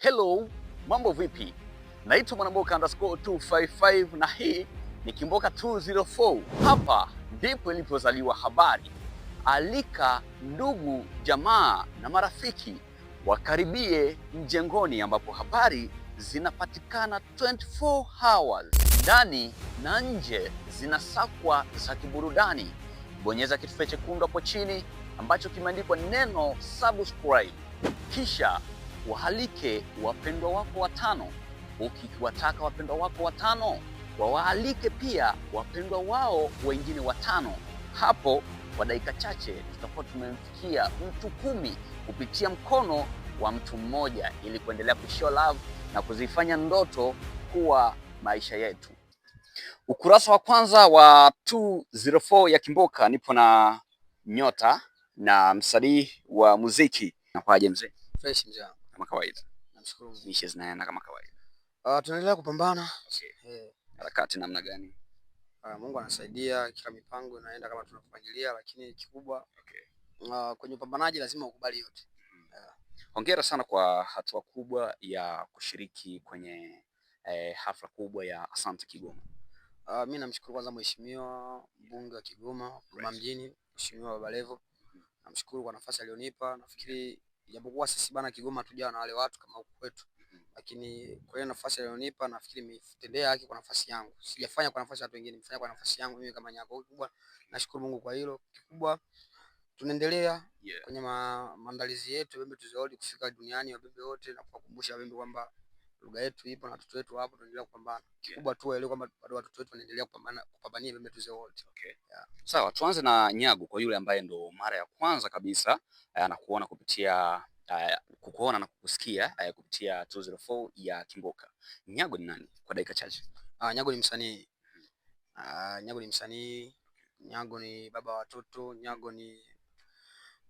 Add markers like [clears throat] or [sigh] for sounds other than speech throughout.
Hello, mambo vipi? Naitwa Mwanamboka underscore 255 na hii ni Kimboka 204. Hapa ndipo ilipozaliwa habari. Alika ndugu, jamaa na marafiki wakaribie mjengoni ambapo habari zinapatikana 24 hours. Ndani na nje zinasakwa za kiburudani. Bonyeza kitufe chekundu hapo chini ambacho kimeandikwa neno subscribe. Kisha waalike wapendwa wako watano. Ukiwataka wapendwa wako watano, wawaalike pia wapendwa wao wengine watano. Hapo kwa dakika chache tutakuwa tumemfikia mtu kumi kupitia mkono wa mtu mmoja, ili kuendelea kushow love na kuzifanya ndoto kuwa maisha yetu. Ukurasa wa kwanza wa 204 ya Kimboka nipo na nyota na msanii wa muziki. Napaje mzee? Fresh mzee kama kawaida. Namshukuru Mungu. kama kawaida. Ah, tunaendelea kupambana. Okay. Eh, harakati namna gani? Ah, Mungu anasaidia kila mipango inaenda kama tunapangilia, lakini kikubwa okay. Uh, kwenye upambanaji lazima ukubali yote. Mm-hmm. Hongera sana kwa hatua kubwa ya kushiriki kwenye eh, hafla kubwa ya Asante Kigoma. Uh, mi namshukuru kwanza mheshimiwa mbunge wa Kigoma Kigoma mjini, Mheshimiwa Baba Levo. Mm-hmm. Namshukuru kwa nafasi aliyonipa. Nafikiri Ijapokuwa sisi bana Kigoma tujawa na wale watu kama huku kwetu. Mm-hmm. Lakini kwa ile nafasi alionipa, nafikiri nimetendea haki kwa nafasi yangu. Sijafanya kwa nafasi ya watu wengine, nimefanya kwa nafasi yangu mimi kama Nyako kubwa. Nashukuru Mungu kwa hilo. Kikubwa tunaendelea kwenye maandalizi yetu, wabembe tuzidi kufika duniani, wabembe wote na kuwakumbusha wabembe kwamba lugha yetu ipo na watoto wetu wapo, tunaendelea kupambana. Kikubwa tu waelewe kwamba bado watoto wetu wanaendelea kupambana kupambania meme zetu wote. Okay. Yeah. Sawa, tuanze na Nyagu kwa yule ambaye ndo mara ya kwanza kabisa eh, anakuona kupitia uh, kukuona na kukusikia uh, kupitia 204 ya Kimboka. Nyago ni nani kwa dakika chache? Ah, Nyago ni msanii. Ah, Nyago ni msanii. Nyago ni baba wa watoto. Nyago ni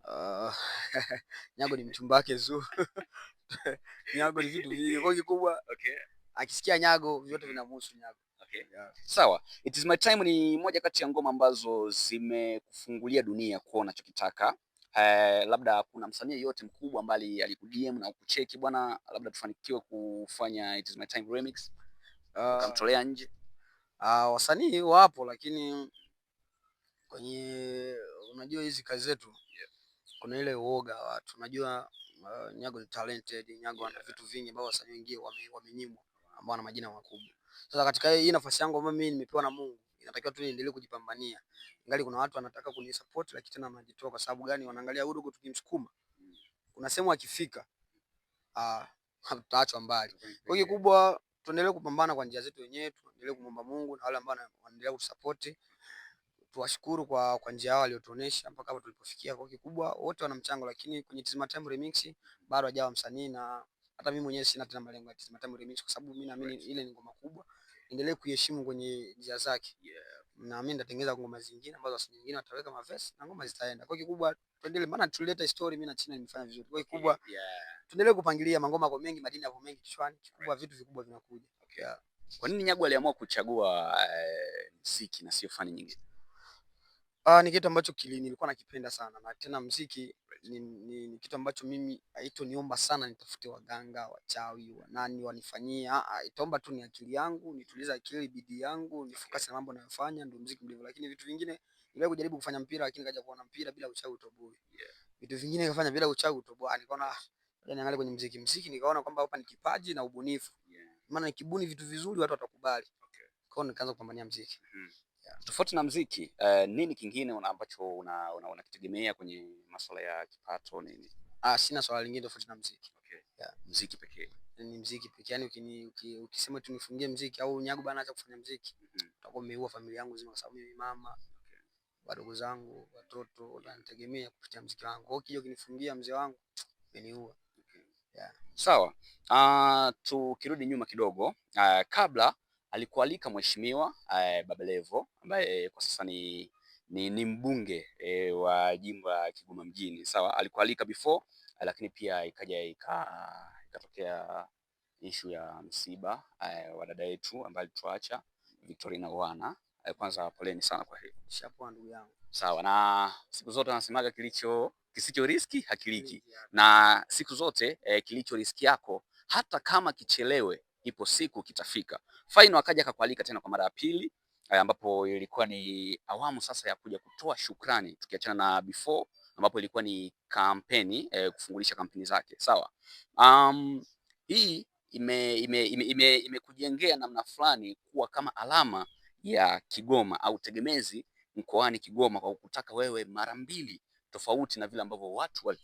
Uh, [laughs] Nyago ni mchumba wake Zuu [laughs] [laughs] Nyago ni vitu vingi kikubwa. Okay. Akisikia Nyago vyote mm-hmm. vinamhusu Nyago. Okay. Yeah. Sawa. It is my time ni moja kati ya ngoma ambazo zimekufungulia dunia kuona unachokitaka. Eh, labda kuna msanii yeyote mkubwa mbali alikudm na ukucheki bwana, labda tufanikiwe kufanya It is my time remix. Uh, ah, kamtolea nje. Uh, wasanii wapo lakini kwenye unajua hizi kazi zetu yeah. Kuna ile uoga watu unajua Eh, Nyago ni talented, Nyago ana vitu vingi ambao wasanii wengine wamenyimwa ambao wana majina makubwa. Sasa katika hii nafasi yangu ambayo mimi nimepewa na Mungu, inatakiwa tu niendelee kujipambania. Ngali kuna watu wanataka kunisupport lakini tena wanajitoa kwa sababu gani? Wanaangalia udugu tukimsukuma. Kuna sehemu akifika ah, tutaachwa mbali. Kwa hiyo kubwa tuendelee kupambana kwa njia zetu wenyewe, tuendelee kumomba Mungu na wale ambao wanaendelea kutusupport tuwashukuru kwa kwa njia yao waliotuonesha mpaka hapa tulipofikia. Kwa kikubwa wote wana mchango, lakini kwenye Tizama Time Remix bado hajawa msanii, na hata mimi mwenyewe sina tena malengo ya Tizama Time Remix kwa sababu mimi naamini ile ni ngoma kubwa, endelee kuiheshimu kwenye njia zake. Naamini nitatengeneza ngoma zingine ambazo wasanii wengine wataweka mavesi na ngoma zitaenda. Kwa kikubwa tuendelee, maana tulileta story mimi na China nimefanya vizuri. Kwa kikubwa tuendelee kupangilia, mangoma kwa mengi, madini yako mengi kichwani, kikubwa vitu vikubwa vinakuja. Okay. Kwa nini Nyagu aliamua kuchagua uh, muziki na sio fani nyingine? Ah, ni kitu ambacho kili nilikuwa nakipenda sana na tena mziki ni, ni, ni kitu ambacho mimi niomba sana nitafute waganga, wachawi, wanani wanifanyia, ah, ah, Itaomba tu ni akili yangu, nitulize akili, bidii yangu, nifocus na mambo nayofanya ndio mziki mdevu. Lakini vitu vingine niliwahi kujaribu kufanya mpira lakini kaja kuona mpira bila uchawi utoboi. Yeah. Vitu vingine nikafanya bila uchawi utoboi. Nikaona yaani niangalie kwenye mziki. Mziki nikaona kwamba hapa ni kipaji na ubunifu. Yeah. Maana nikibuni vitu vizuri watu watakubali. Okay. Kwa hiyo nikaanza kupambania mziki. Mm. Mm-hmm. Tofauti na mziki, uh, nini kingine una ambacho unakitegemea una, una kwenye masuala ya kipato nini? Ah, sina swala lingine tofauti na mziki. Okay. Yeah. Mziki pekee. Ni mziki pekee. yani, ukini uki, ukisema tu nifungie mziki au nyago bana acha kufanya mziki, mm-hmm. Utakuwa umeua familia yangu nzima kwa sababu mimi mama, wadogo okay. zangu, watoto wananitegemea kupitia mziki wangu. Kwa hiyo ukija ukinifungia mzee wangu, umeniua. Okay. Yeah. Sawa. Ah, tukirudi nyuma kidogo, uh, kabla alikualika mheshimiwa eh, Babalevo ambaye ambaye kwa sasa ni, ni, ni mbunge eh, wa jimbo la Kigoma mjini sawa. Alikualika before lakini pia ikaja ikatokea ishu ya msiba eh, wa dada yetu ambaye alituacha Victorina Wana Eh, kwanza poleni sana kwa hiyo. Shapoa ndugu yangu. Sawa na siku zote anasemaga kilicho kisicho riski hakiliki, na siku zote eh, kilicho riski yako hata kama kichelewe ipo siku kitafika. Faino akaja akakualika tena kwa mara ya pili, eh, ambapo ilikuwa ni awamu sasa ya kuja kutoa shukrani, tukiachana na before ambapo ilikuwa ni kampeni eh, kufungulisha kampeni zake sawa. Um, hii imekujengea ime, ime, ime, ime namna fulani kuwa kama alama ya Kigoma au tegemezi mkoani Kigoma kwa kutaka wewe mara mbili tofauti na vile ambavyo watu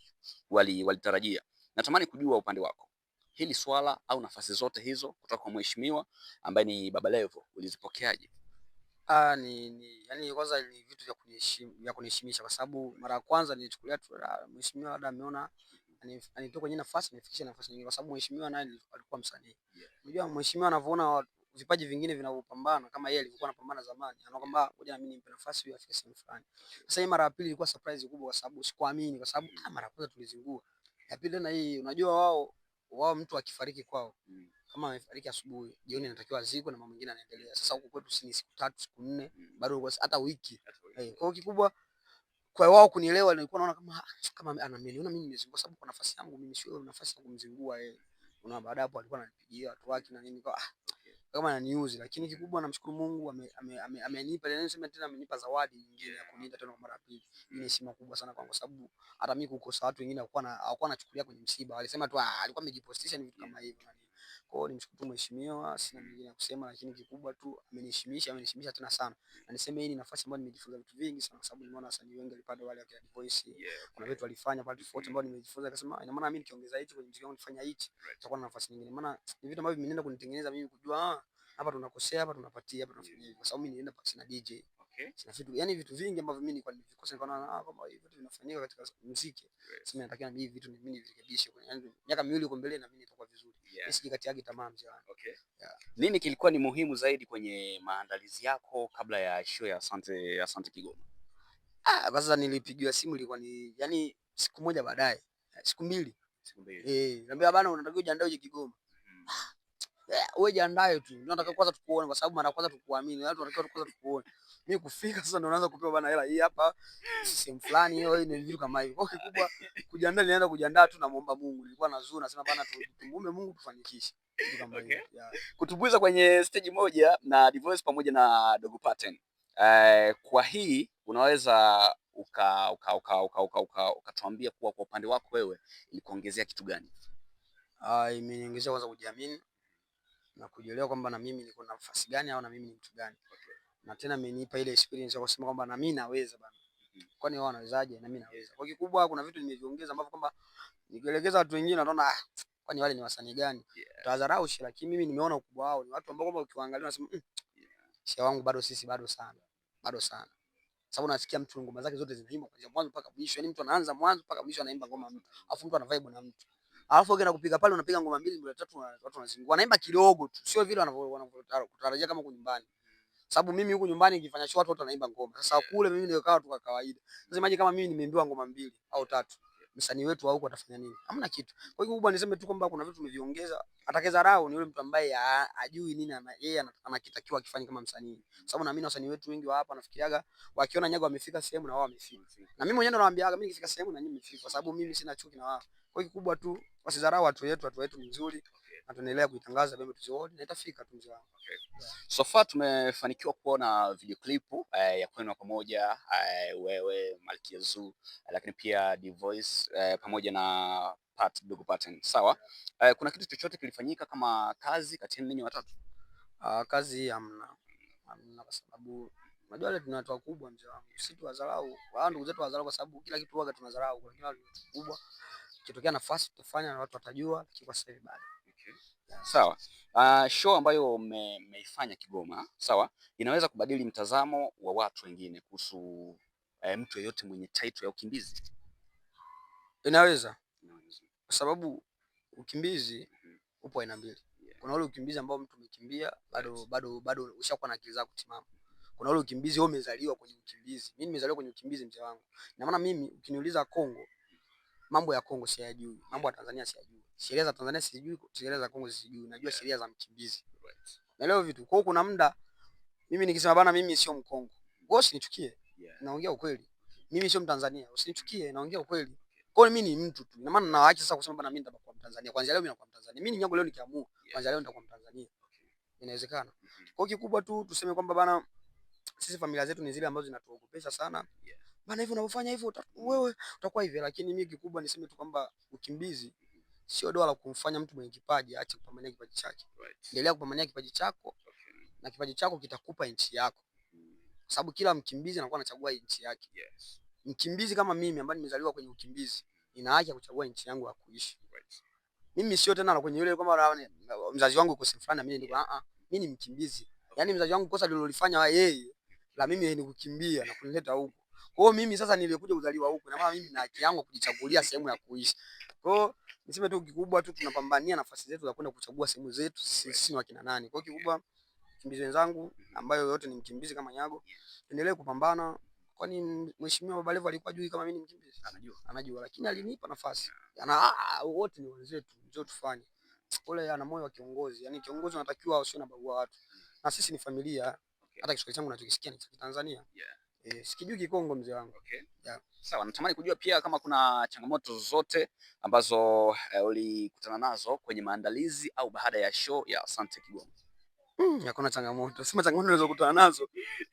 walitarajia wali, wali natamani kujua upande wako hili swala au nafasi zote hizo kutoka kwa mheshimiwa ambaye ni Baba Levo ulizipokeaje? Ah, ni, ni yani kwanza ni vitu vya kuniheshimu vya kuniheshimisha kwa sababu mara ya kwanza nilichukulia tu ah, mheshimiwa labda ameona anitoa kwenye nafasi nifikishe nafasi nyingine kwa sababu mheshimiwa naye alikuwa msanii. Unajua yeah. mheshimiwa anavyoona vipaji vingine vinavyopambana kama yeye alivyokuwa anapambana zamani, anaona kwamba ngoja na mimi nimpe nafasi huyu afike sehemu fulani. Sasa hii mara ya pili ilikuwa surprise kubwa kwa sababu sikuamini kwa sababu ah, mara ya kwanza tulizingua. Ya pili na hii unajua wao wao mtu akifariki kwao mm. kama amefariki asubuhi, jioni anatakiwa azikwe na mama mwingine anaendelea. Sasa huko kwetu si siku tatu siku nne mm. bado hata wiki hey. Eh, kwa kikubwa kwa wao kunielewa, nilikuwa naona kama ah, kama ananiona mimi nimezingua, sababu kwa nafasi yangu mimi sio nafasi ya kumzingua yeye. Una baada hapo alikuwa ananipigia watu wake na nini kwa ah kama ananiuzi lakini kikubwa namshukuru Mungu amenipa ame, ame tena amenipa zawadi nyingine ya kuniita tena mara pili. Ni heshima kubwa sana kwangu sababu hata mimi kukosa watu wengine hawakuwa na hawakuwa kwenye msiba. Walisema tu ah, alikuwa amejipostisha ni vitu kama hivyo. Kwa mshukuru mheshimiwa, sina mengine ya kusema, lakini kikubwa tu ameniheshimisha, ameniheshimisha tena sana. Na niseme hii ni nafasi ambayo nimejifunza vitu vingi sana, kwa sababu nimeona wasanii wengi walipanda wale wa Kenya voice, kuna vitu walifanya pale tofauti ambao nimejifunza, akasema ah, ina maana mimi nikiongeza hichi kwenye mziki wangu nifanya hichi, nitakuwa na nafasi nyingine, maana ni vitu ambavyo vimeenda kunitengeneza mimi kujua ah, hapa tunakosea, hapa tunapatia, hapa tunafanya hivi, kwa sababu mimi nilienda pasi na DJ yaani vitu vingi ambavyo mimi nilikuwa nimevikosa nikaona ah, kama hivi vitu vinafanyika katika muziki yeah. Sema natakiwa mimi vitu mimi nivirekebishe kwa yani miaka miwili uko mbele na mimi nitakuwa vizuri yeah. kati yake tamaa mzee wangu okay. Yeah. Nini kilikuwa ni muhimu zaidi kwenye maandalizi yako kabla ya show ya Asante Asante Kigoma? Ah, sasa nilipigiwa simu ilikuwa ni yani siku moja baadaye siku mbili siku mbili eh, niambia bana, unatakiwa ujiandae uje Kigoma mm. Eh, wewe jiandae tu. Ndio nataka kwanza tukuone kwa sababu mara kwanza tukuamini. Watu wanataka kwanza tukuone. Mimi kufika sasa ndio naanza kupewa bana hela hii hapa. Sehemu fulani hiyo ni vitu kama hivyo. Okay, kubwa kujiandaa nilianza kujiandaa tu namuomba Mungu. Nilikuwa nazuri nasema bana tumuombe Mungu tufanikishe. kama Yeah. Kutumbuiza kwenye stage moja na Divoice pamoja na Dogo Pattern. Eh, kwa hii unaweza uka uka uka uka uka uka ukatuambia kuwa kwa upande wako wewe ilikuongezea kitu gani? Ah, imeniongezea kwanza kujiamini na kujielewa kwamba na mimi niko na nafasi gani au na mimi ni mtu gani. Na tena amenipa ile experience ya kusema kwamba na mimi naweza bana. Mm-hmm. Kwani wao wanawezaje na mimi naweza. Kwa kikubwa kuna vitu nimeviongeza ambavyo kwamba nikielekeza watu wengine wanaona ah, kwani wale ni wasanii gani? Tadharau shi, lakini mimi nimeona ukubwa wao. Ni watu ambao kwamba ukiwaangalia unasema mm, Shia wangu bado sisi bado sana. Bado sana. Sababu nasikia mtu ngoma zake zote zinaimba kuanzia mwanzo mpaka mwisho. yani mtu anaanza mwanzo mpaka mwisho anaimba ngoma mtu. Alafu mtu ana vibe na mtu alafu ukienda kupiga pale unapiga ngoma mbili ngoma tatu, watu wanazingua, wanaimba kidogo tu, sio vile wanavyotarajia kama huko nyumbani, sababu mimi huko nyumbani nikifanya show watu watu wanaimba ngoma. Sasa kule mimi nikawa tu kwa kawaida. Sasa maji kama mimi nimeimbiwa ngoma mbili au tatu, msanii wetu huko atafanya nini? Hamna kitu. Kwa hiyo kubwa niseme tu kwamba kuna vitu tumeviongeza. Atakeza rao ni yule mtu ambaye hajui nini yeye anakitakiwa akifanye kama msanii, sababu naamini wasanii wetu wengi wa hapa nafikiriaga wakiona nyago wamefika sehemu na wao wamefika, na mimi mwenyewe ndo nawaambiaga mimi nikifika sehemu na nyinyi mmefika, sababu mimi sina chuki na wao. Kwa hiyo kubwa tu Wasidharau watu wetu, watu wetu ni mzuri okay. na tunaendelea kuitangaza Bembe Tuzo na itafika tu mzee wangu okay. yeah. So far tumefanikiwa kuona video clip eh, ya kwenu pamoja eh, wewe Malkia Zuu eh, lakini pia D Voice eh, pamoja na Pat Dogo Pattern. Sawa yeah. Eh, kuna kitu chochote kilifanyika kama kazi kati yenu ninyi watatu? Uh, kazi hamna hamna, kwa sababu unajua leo tuna watu wakubwa mzee wangu, Sisi tu wadharau wao ndugu zetu wadharau, kwa sababu kila kitu waga tunadharau, kwa kila kitu kubwa ikitokea nafasi tutafanya na watu watajua, lakini kwa sasa hivi bado. Okay. Yeah. Sawa. Uh, show ambayo mmeifanya Kigoma, sawa, inaweza kubadili mtazamo wa watu wengine kuhusu uh, mtu yeyote mwenye title ya ukimbizi. Inaweza, kwa sababu ukimbizi mm-hmm. upo aina mbili. Kuna ule ukimbizi ambao mtu umekimbia bado bado bado ushakuwa na akili zako timamu. Kuna ule ukimbizi wewe umezaliwa kwenye ukimbizi. Mimi nimezaliwa kwenye ukimbizi mzee wangu. Na maana mimi ukiniuliza Kongo mambo ya Kongo siyajui, mambo ya Tanzania siyajui, sheria za Tanzania sijui, sheria za Kongo sijui, najua sheria za mkimbizi right. Naelewa vitu kwao. Kuna muda mimi nikisema bana, mimi sio Mkongo, wewe usinichukie yeah. Naongea ukweli, mimi sio Mtanzania, usinichukie, naongea ukweli. Kwa hiyo mimi ni mtu tu, ina maana nawaacha sasa kusema bana, mimi nitakuwa Mtanzania kwanza leo, mimi nitakuwa Mtanzania, mimi nyango leo nikiamua kwanza leo nitakuwa Mtanzania, inawezekana. Mm-hmm. Kwa kikubwa tu tuseme kwamba bana, sisi familia zetu ni zile ambazo zinatuogopesha sana yeah maana hivi unavyofanya hivyo wewe utakuwa hivi. Lakini mimi kikubwa niseme tu kwamba ukimbizi sio doa la kumfanya mtu mwenye kipaji aache kupambania kipaji chake. Endelea right. kupambania kipaji chako okay. na kipaji chako kitakupa nchi yako, kwa sababu kila mkimbizi anakuwa anachagua nchi yake. Yes. Mkimbizi kama mimi ambaye nimezaliwa kwenye ukimbizi, nina haki ya kuchagua nchi yangu ya kuishi. Mimi sio tena kwenye yule kwamba mzazi wangu kosa fulani mimi ndio a ah, a, ah. mimi ni mkimbizi. Yaani mzazi wangu kosa lilolifanya yeye la mimi ni kukimbia na kunileta huko. Kwa hiyo mimi sasa nilikuja kuzaliwa huku na maana mimi na haki yangu kujichagulia sehemu ya kuishi. Kwa hiyo niseme tu kikubwa tu tunapambania nafasi zetu za kwenda kuchagua sehemu zetu sisi ni wakina nani. Kwa hiyo kikubwa mkimbizi wenzangu ambayo yote ni mkimbizi kama Nyago, endelee kupambana kwani mheshimiwa Baba Levo alikuwa juu kama mimi ni mkimbizi? Anajua. Anajua lakini alinipa nafasi. Ana ah, wote ni wenzetu, njoo tufanye. Ule ana moyo wa kiongozi. Yaani kiongozi anatakiwa asiwe na bagua watu. Na sisi ni familia. Hata Kiswahili changu nachokisikia ni cha Tanzania. Yeah. E, sikijui Kikongo mzee wangu. Okay. Yeah. Sawa, natamani kujua pia kama kuna changamoto zozote ambazo eh, ulikutana nazo kwenye maandalizi au baada ya show ya Asante Kigoma. Mm. [clears throat] Hakuna changamoto. Sema changamoto unazokutana nazo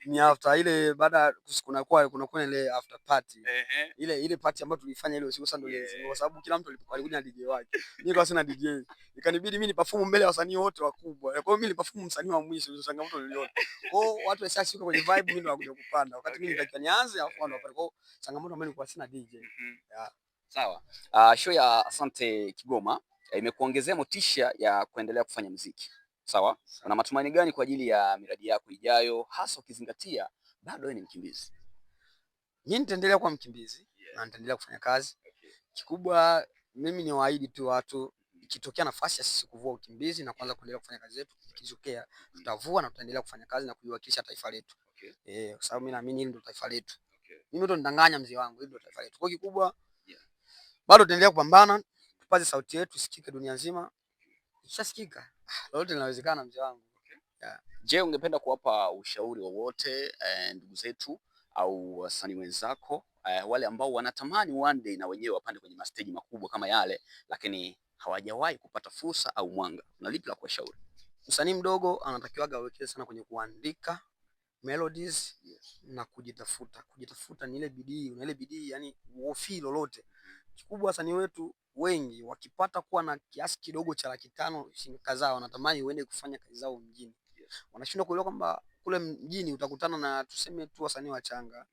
ni after ile baada kuna kwa kuna kwa ile after party. Ehe. Ile ile party ambayo tulifanya ile usiku sana ndio kwa sababu kila mtu alikuja na DJ wake. Mimi kwa sina DJ. Ikanibidi mimi niperform mbele ya wasanii wote wakubwa. Kwa hiyo mimi niliperform msanii wa mwisho ndio changamoto niliona. Kwa hiyo watu washashika kwenye vibe mimi ndo nakuja kupanda. Wakati mimi nitakiwa nianze afu ndo pale. Kwa hiyo changamoto ambayo nilikuwa sina DJ. Mm-hmm. Sawa. Uh, show ya Asante Kigoma eh, imekuongezea motisha ya kuendelea kufanya muziki. Sawa, una matumaini gani kwa ajili ya miradi yako ijayo, hasa ukizingatia bado wewe ni mkimbizi? Mimi nitaendelea kuwa mkimbizi yeah, na nitaendelea kufanya kazi okay. Kikubwa mimi ni waahidi tu watu, ikitokea nafasi ya sisi kuvua ukimbizi na kuanza kuendelea kufanya kazi zetu, ikitokea mm. tutavua na tutaendelea kufanya kazi na kuiwakilisha taifa letu okay. Eh, kwa sababu mimi naamini hili ndio taifa letu okay. Mimi ndio nidanganya mzee wangu, hili ndio taifa letu. Kwa kikubwa yeah, bado tutaendelea kupambana, tupaze sauti yetu isikike dunia nzima, ishasikika lolote linawezekana mzee wangu. Okay. Yeah. Je, ungependa kuwapa ushauri wowote eh, ndugu zetu au wasanii wenzako eh, wale ambao wanatamani one day na wenyewe wapande kwenye masteji makubwa kama yale lakini hawajawahi kupata fursa au mwanga, na lipi la kuwashauri? Msanii mdogo anatakiwaga awekeze sana kwenye kuandika melodies yes, na kujitafuta. Kujitafuta ni ile bidii, na ile bidii yani uofii lolote mm-hmm. Kikubwa wasanii wetu wengi wakipata kuwa na kiasi kidogo cha laki tano shilingi kadhaa wanatamani uende kufanya kazi zao mjini. Wanashindwa kuelewa kwamba kule mjini utakutana na tuseme tu wasanii wachanga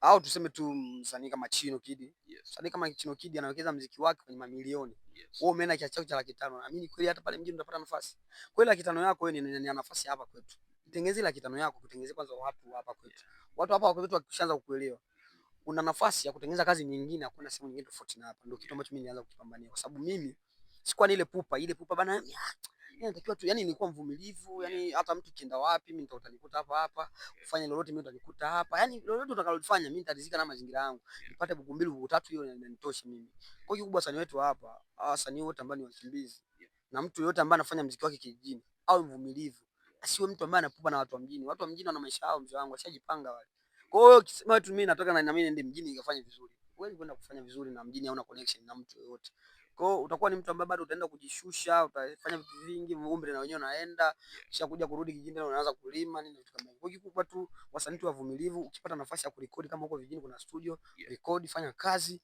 au tuseme tu msanii kama Chino Kid. Msanii kama Chino Kid anawekeza mziki wake kwenye mamilioni. Wewe umeona kiasi chako cha laki tano. Naamini kweli hata pale mjini utapata nafasi. Kweli laki tano yako wewe ni na nafasi hapa kwetu. Tengeneze laki tano yako, kutengeneze kwanza watu hapa kwetu. Watu hapa kwetu wakishaanza kukuelewa una nafasi ya kutengeneza kazi nyingine, hakuna sehemu nyingine tofauti na hapa. Ndio kitu ambacho mimi nilianza kupambania, kwa sababu mimi sikuwa ni ile pupa, ile pupa bana, yaani, ah, yaani natakiwa tu, yani nilikuwa mvumilivu, yani hata mtu kienda wapi mimi nitanikuta hapa hapa, kufanya lolote mimi nitanikuta hapa, yani lolote utakalofanya mimi nitarizika na mazingira yangu, nipate buku mbili buku tatu, hiyo inanitosha mimi. Kwa hiyo kubwa wasanii wetu hapa, wasanii wote ambao ni wakimbizi na mtu yote ambaye anafanya mziki wake kijijini au mvumilivu, asiwe mtu ambaye anapupa na watu wa mjini. Watu wa mjini wana maisha yao, mzee wangu, washajipanga wale kwa hiyo ukisema tu mimi natoka na mimi niende mjini nikafanye vizuri, huwezi kwenda kufanya vizuri na mjini hauna connection na mtu yoyote. Kwa hiyo utakuwa ni mtu ambaye bado utaenda kujishusha, utafanya vitu vingi, umri na wenyewe unaenda, kisha kuja kurudi kijijini na unaanza kulima nini vitu kama hivyo. Kikubwa tu wasanii wavumilivu, ukipata nafasi ya kurekodi kama huko vijijini kuna studio, rekodi, fanya kazi.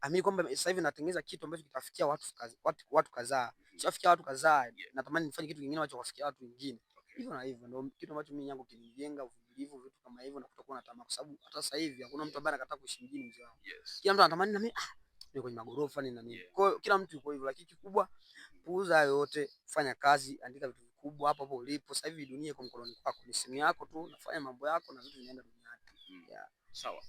Amini kwamba sasa hivi natengeneza kitu ambacho kitafikia watu kazi, watu, watu kadhaa. Mm-hmm. Kishafikia watu kadhaa, natamani nifanye kitu kingine ambacho kuwafikia watu wengine. Hivyo na hivyo ndio kitu ambacho mimi yangu kinijenga mvumilivu, vitu kama hivyo, na kutokuwa na tamaa, kwa sababu hata sasa hivi hakuna mtu ambaye anakataa kuishi mjini mzee wangu. Yes. Kila mtu anatamani na mimi ah, ni kwenye magorofa ni na nini. Kwa hiyo kila mtu yuko hivyo, lakini kikubwa, puuza yote, fanya kazi, andika vitu vikubwa hapo hapo ulipo. Sasa hivi dunia iko mkononi kwako, ni simu yako tu, nafanya mambo yako na vitu vinaenda duniani. Mm. Yeah. Sawa.